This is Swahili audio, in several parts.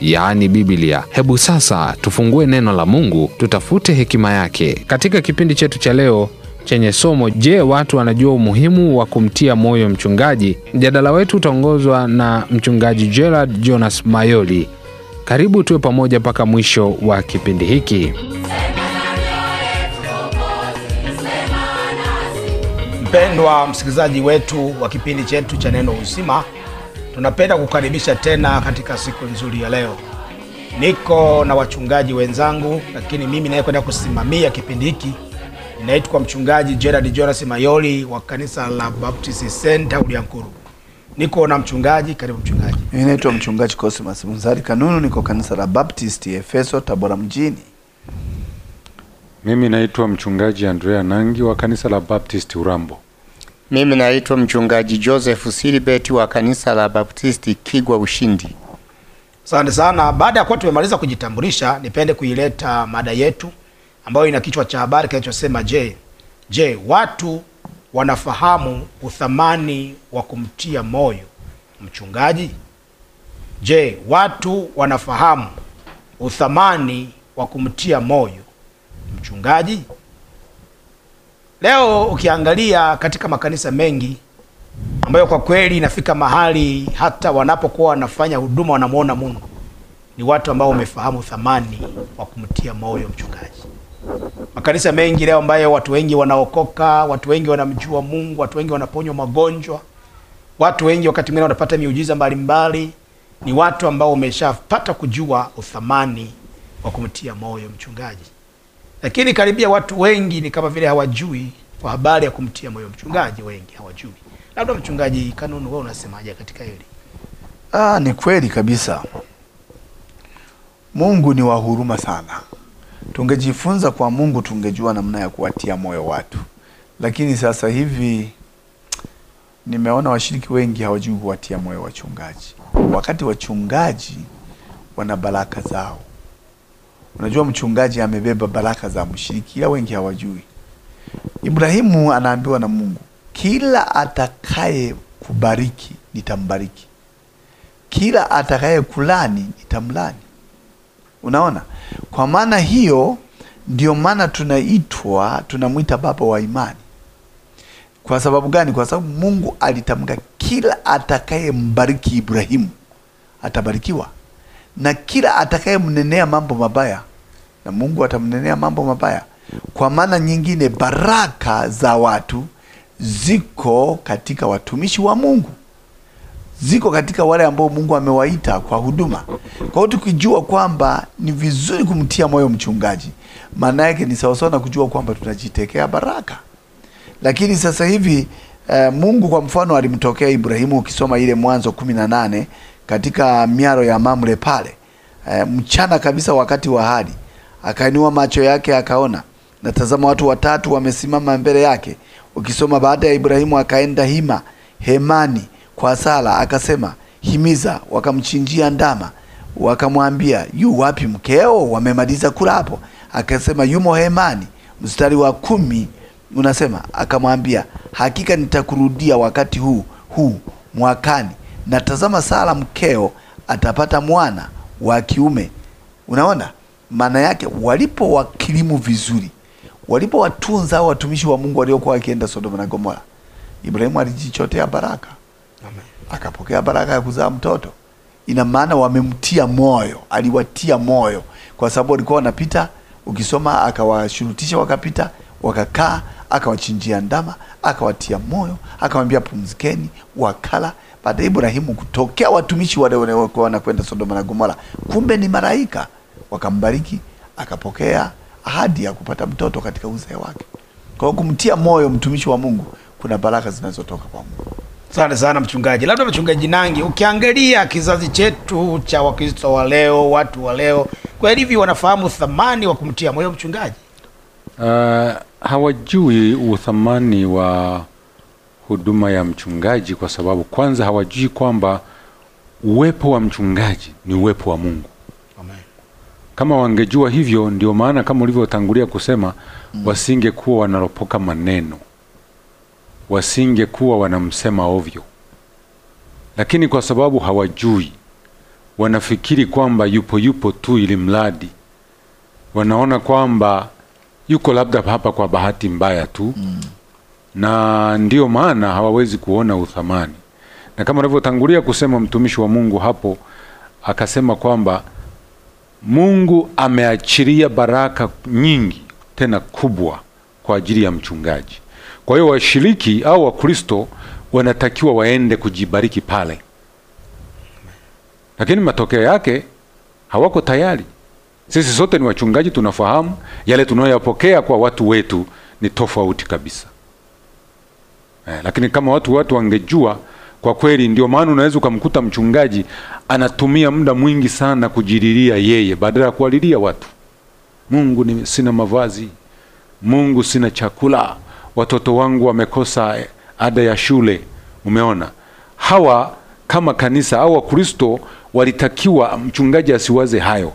yaani Biblia. Hebu sasa tufungue neno la Mungu, tutafute hekima yake katika kipindi chetu cha leo chenye somo Je, watu wanajua umuhimu wa kumtia moyo mchungaji? Mjadala wetu utaongozwa na mchungaji Gerard Jonas Mayoli. Karibu tuwe pamoja mpaka mwisho wa kipindi hiki. Mpendwa msikilizaji wetu wa kipindi chetu cha neno uzima Tunapenda kukaribisha tena katika siku nzuri ya leo. Niko na wachungaji wenzangu, lakini mimi nayekwenda kusimamia kipindi hiki. inaitwa mchungaji Gerard Jonas Mayoli wa kanisa la Baptist Center Uliankuru. Niko na mchungaji, karibu mchungaji. Mimi naitwa mchungaji Cosmas mzari Kanunu, niko kanisa la Baptist Efeso, Tabora mjini. Mimi naitwa mchungaji Andrea Nangi wa kanisa la Baptist Urambo. Mimi naitwa mchungaji Joseph Silibeti wa kanisa la Baptisti Kigwa Ushindi. Asante sana. Baada ya kuwa tumemaliza kujitambulisha, nipende kuileta mada yetu ambayo ina kichwa cha habari kinachosema je, je, watu wanafahamu uthamani wa kumtia moyo mchungaji? Je, watu wanafahamu uthamani wa kumtia moyo mchungaji? Leo ukiangalia katika makanisa mengi ambayo kwa kweli inafika mahali hata wanapokuwa wanafanya huduma wanamuona Mungu ni watu ambao wamefahamu thamani wa kumtia moyo mchungaji. Makanisa mengi leo ambayo watu wengi wanaokoka, watu wengi wanamjua Mungu, watu wengi wanaponywa magonjwa, watu wengi wakati mwingine wanapata miujiza mbalimbali, ni watu ambao wameshapata kujua uthamani wa kumtia moyo mchungaji. Lakini karibia watu wengi ni kama vile hawajui kwa habari ya kumtia moyo mchungaji, wengi hawajui. Labda mchungaji Kanunu, wewe unasemaje katika hili? Ah, ni kweli kabisa. Mungu ni wa huruma sana. Tungejifunza kwa Mungu tungejua namna ya kuwatia moyo watu, lakini sasa hivi nimeona washiriki wengi hawajui kuwatia moyo wachungaji, wakati wachungaji wana baraka zao Unajua mchungaji amebeba baraka za mshiriki ila wengi hawajui. Ibrahimu anaambiwa na Mungu, kila atakaye kubariki nitambariki, kila atakaye kulani nitamlani. Unaona, kwa maana hiyo ndio maana tunaitwa tunamwita baba wa imani. Kwa sababu gani? Kwa sababu Mungu alitamka kila atakaye mbariki Ibrahimu atabarikiwa na kila atakaye mnenea mambo mabaya na Mungu atamnenea mambo mabaya. Kwa maana nyingine, baraka za watu ziko katika watumishi wa Mungu, ziko katika wale ambao Mungu amewaita kwa huduma. Kwa hiyo tukijua kwamba ni vizuri kumtia moyo mchungaji, maana yake ni sawasawa na kujua kwamba tunajitekea baraka. Lakini sasa hivi eh, Mungu kwa mfano alimtokea Ibrahimu, ukisoma ile Mwanzo kumi na nane katika miaro ya Mamre pale eh, mchana kabisa wakati wa hadi akainua macho yake akaona, na tazama, watu watatu wamesimama mbele yake. Ukisoma, baada ya Ibrahimu akaenda hima hemani kwa Sara akasema, himiza. Wakamchinjia ndama, wakamwambia, yu wapi mkeo? Wamemaliza kula hapo. Akasema, yumo hemani. Mstari wa kumi unasema akamwambia, hakika nitakurudia wakati huu huu mwakani, na tazama, Sara mkeo atapata mwana wa kiume. Unaona, maana yake walipo wakilimu vizuri, walipowatunza hao watumishi wa Mungu waliokuwa wakienda Sodoma na Gomora, Ibrahimu alijichotea baraka, amen, akapokea baraka ya kuzaa mtoto. Ina maana wamemtia moyo, aliwatia moyo kwa sababu walikuwa wanapita, ukisoma akawashurutisha, wakapita wakakaa, akawachinjia ndama, akawatia moyo, akamwambia pumzikeni, wakala. Baada Ibrahimu kutokea watumishi wale wanakwenda Sodoma na Gomora, kumbe ni malaika wakambariki akapokea ahadi ya kupata mtoto katika uzee wake. Kwa hiyo kumtia moyo mtumishi wa Mungu kuna baraka zinazotoka kwa Mungu. Asante sana mchungaji. Labda mchungaji Nangi, ukiangalia kizazi chetu cha Wakristo wa leo, watu wa leo kwa hivi wanafahamu thamani wa kumtia moyo mchungaji? Uh, hawajui uthamani wa huduma ya mchungaji, kwa sababu kwanza hawajui kwamba uwepo wa mchungaji ni uwepo wa Mungu. Kama wangejua hivyo, ndio maana kama ulivyotangulia kusema mm. wasingekuwa wanaropoka maneno, wasingekuwa wanamsema ovyo, lakini kwa sababu hawajui, wanafikiri kwamba yupo yupo tu, ili mradi wanaona kwamba yuko labda hapa kwa bahati mbaya tu mm. na ndio maana hawawezi kuona uthamani, na kama alivyotangulia kusema mtumishi wa Mungu hapo akasema kwamba Mungu ameachilia baraka nyingi tena kubwa kwa ajili ya mchungaji. Kwa hiyo washiriki au Wakristo wanatakiwa waende kujibariki pale, lakini matokeo yake hawako tayari. Sisi sote ni wachungaji, tunafahamu yale tunayoyapokea kwa watu wetu ni tofauti kabisa eh, lakini kama watu watu wangejua kwa kweli ndio maana unaweza ukamkuta mchungaji anatumia muda mwingi sana kujililia yeye badala ya kuwalilia watu. Mungu ni sina mavazi, Mungu sina chakula, watoto wangu wamekosa ada ya shule. Umeona, hawa kama kanisa au Wakristo walitakiwa mchungaji asiwaze hayo,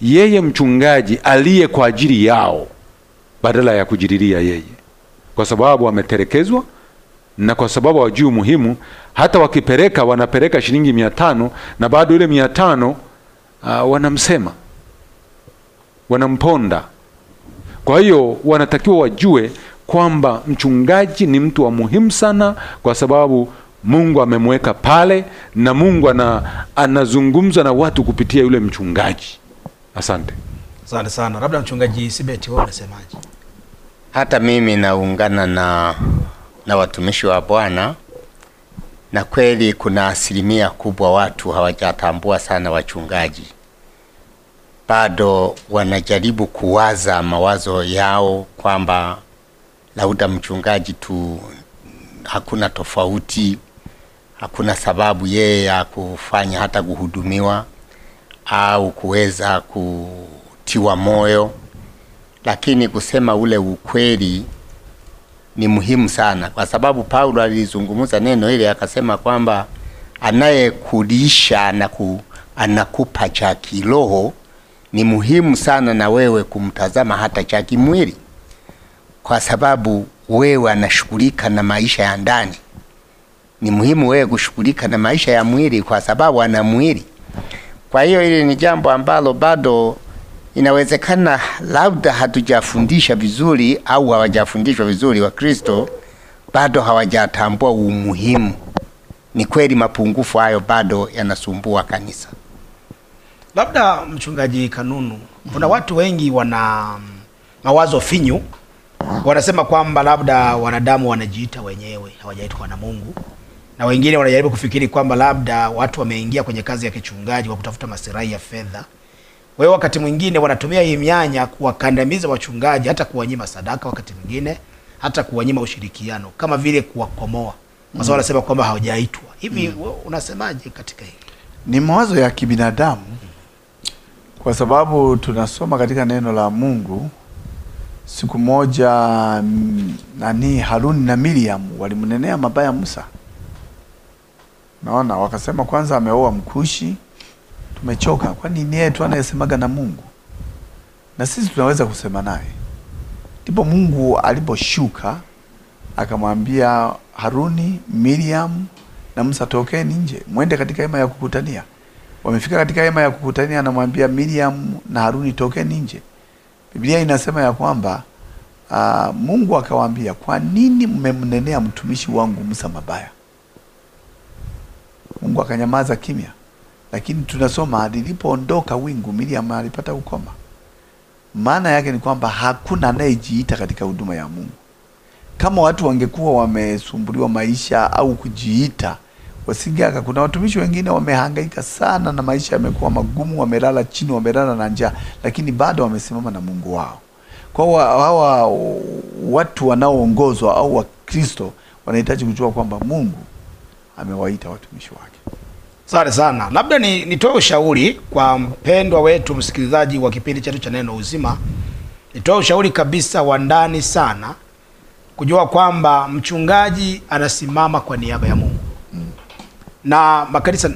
yeye mchungaji aliye kwa ajili yao badala ya kujililia yeye, kwa sababu ameterekezwa na kwa sababu wajui umuhimu, hata wakipeleka wanapeleka shilingi mia tano na bado ile mia tano uh, wanamsema wanamponda. Kwa hiyo wanatakiwa wajue kwamba mchungaji ni mtu wa muhimu sana, kwa sababu Mungu amemweka pale na Mungu ana, anazungumza na watu kupitia yule mchungaji. Asante, asante sana. Labda mchungaji Sibeti, wewe unasemaje? Hata mimi naungana na na watumishi wa Bwana, na kweli kuna asilimia kubwa watu hawajatambua sana wachungaji, bado wanajaribu kuwaza mawazo yao kwamba lauda mchungaji tu, hakuna tofauti, hakuna sababu yeye ya kufanya hata kuhudumiwa au kuweza kutiwa moyo, lakini kusema ule ukweli ni muhimu sana, kwa sababu Paulo alizungumza neno ile akasema kwamba anayekulisha na ku, anakupa cha kiroho ni muhimu sana na wewe kumtazama hata cha kimwili, kwa sababu wewe anashughulika na maisha ya ndani. Ni muhimu wewe kushughulika na maisha ya mwili, kwa sababu ana mwili. Kwa hiyo hili ni jambo ambalo bado inawezekana labda hatujafundisha vizuri au hawajafundishwa vizuri. Wakristo bado hawajatambua umuhimu. Ni kweli mapungufu hayo bado yanasumbua kanisa. Labda mchungaji Kanunu, kuna watu wengi wana mm, mawazo finyu, wanasema kwamba labda wanadamu wanajiita wenyewe, hawajaitwa na Mungu, na wengine wanajaribu kufikiri kwamba labda watu wameingia kwenye kazi ya kichungaji kwa kutafuta masirahi ya fedha kwa hiyo wakati mwingine wanatumia hii mianya kuwakandamiza wachungaji, hata kuwanyima sadaka, wakati mwingine hata kuwanyima ushirikiano, kama vile kuwakomoa, kwa sababu mm. wanasema kwamba hawajaitwa hivi. mm. Unasemaje katika hili? Ni mawazo ya kibinadamu kwa sababu tunasoma katika neno la Mungu siku moja mm, nani Haruni na Miriam walimnenea mabaya Musa, naona wakasema kwanza ameoa Mkushi tumechoka. Kwani ni yeye tu anayesemaga na Mungu, na sisi tunaweza kusema naye. Ndipo Mungu aliposhuka akamwambia Haruni, Miriam na Musa, tokeni nje mwende katika hema ya kukutania. Wamefika katika hema ya kukutania, anamwambia Miriam na Haruni, tokeni nje. Biblia inasema ya kwamba uh, Mungu akawaambia, kwa nini mmemnenea mtumishi wangu Musa mabaya? Mungu akanyamaza kimya. Lakini tunasoma lilipoondoka wingu, Miriam alipata ukoma. Maana yake ni kwamba hakuna anayejiita katika huduma ya Mungu. Kama watu wangekuwa wamesumbuliwa maisha au kujiita wasingeaka. Kuna watumishi wengine wamehangaika sana na maisha yamekuwa magumu, wamelala chini, wamelala na njaa, lakini bado wamesimama na Mungu wao. Kwa hawa watu wanaoongozwa au Wakristo wanahitaji kujua kwamba Mungu amewaita watumishi wake. Sante sana. Labda ni nitoe ushauri kwa mpendwa wetu msikilizaji wa kipindi chetu cha Neno Uzima, nitoe ushauri kabisa wa ndani sana, kujua kwamba mchungaji anasimama kwa niaba ya Mungu na makanisa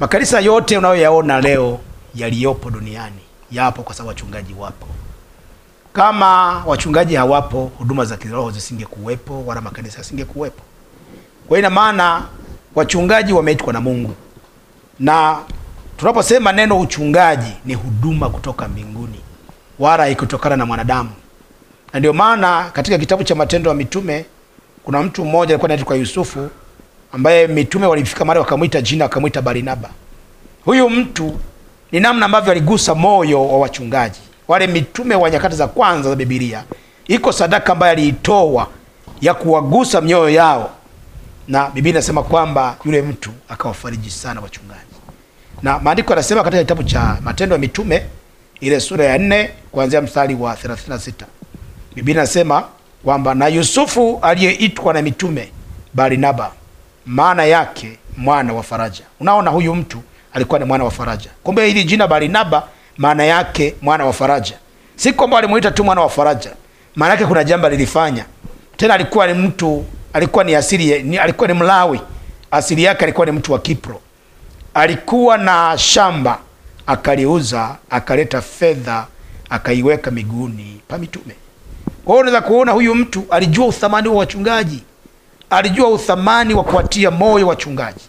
makanisa yote unayoyaona leo yaliyopo duniani yapo kwa sababu wachungaji wapo. Kama wachungaji hawapo, huduma za kiroho zisinge kuwepo, wala makanisa yasinge kuwepo. Kwa ina maana Wachungaji wameitwa na Mungu, na tunaposema neno uchungaji ni huduma kutoka mbinguni, wala ikutokana na mwanadamu. Na ndio maana katika kitabu cha Matendo ya Mitume kuna mtu mmoja alikuwa anaitwa Yusufu, ambaye mitume walifika mara wakamwita jina, wakamwita Barinaba. Huyu mtu ni namna ambavyo aligusa moyo wa wachungaji wale mitume wa nyakati za kwanza za Biblia. Iko sadaka ambayo aliitoa ya kuwagusa mioyo yao na Biblia inasema kwamba yule mtu akawafariji sana wachungaji, na maandiko yanasema katika kitabu cha Matendo ya Mitume ile sura ya nne kuanzia mstari wa 36 Biblia inasema kwamba na Yusufu aliyeitwa na mitume Barnaba, maana yake mwana wa faraja. Unaona, huyu mtu alikuwa ni mwana wa faraja. Kumbe hili jina Barnaba maana yake mwana wa faraja, si kwamba alimuita tu mwana wa faraja, maana yake kuna jambo lilifanya. Tena alikuwa ni mtu alikuwa ni asili ni, alikuwa ni Mlawi, asili yake alikuwa ni mtu wa Kipro. Alikuwa na shamba akaliuza, akaleta fedha, akaiweka miguuni pa mitume. Kwa hiyo unaweza kuona huyu mtu alijua uthamani wa wachungaji, alijua uthamani wa kuwatia moyo wachungaji,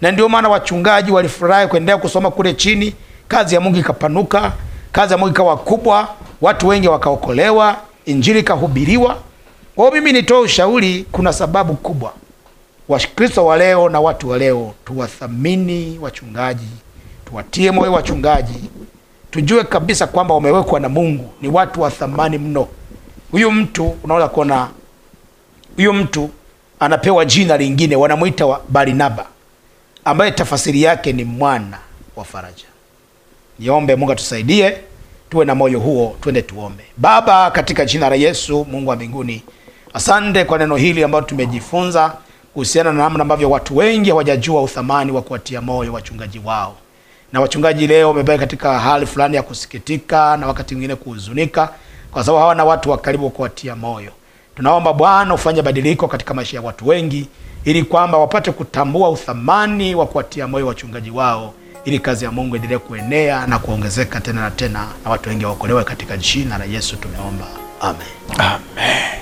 na ndio maana wachungaji walifurahi kuendelea kusoma kule chini. Kazi ya Mungu ikapanuka, kazi ya Mungu ikawa kubwa, watu wengi wakaokolewa, injili ikahubiriwa. Kwa mimi nitoa ushauri, kuna sababu kubwa Wakristo wa leo na watu wa leo tuwathamini wachungaji, tuwatie moyo wachungaji, tujue kabisa kwamba wamewekwa na Mungu, ni watu wa thamani mno. Huyu mtu unaweza kuona, huyu mtu anapewa jina lingine, wanamwita wa Barnaba, ambaye tafasiri yake ni mwana wa faraja. Niombe Mungu atusaidie tuwe na moyo huo, twende tuombe. Baba, katika jina la Yesu, Mungu wa mbinguni Asante kwa neno hili ambalo tumejifunza kuhusiana na namna ambavyo watu wengi hawajajua uthamani wa kuwatia moyo wachungaji wao, na wachungaji leo wamebaki katika hali fulani ya kusikitika na wakati mwingine kuhuzunika, kwa sababu hawana watu wa karibu kuwatia moyo. Tunaomba Bwana ufanye badiliko katika maisha ya watu wengi, ili kwamba wapate kutambua uthamani wa kuwatia moyo wachungaji wao, ili kazi ya Mungu endelee kuenea na kuongezeka tena na tena, na watu wengi waokolewe katika jina la Yesu tumeomba, amen, amen.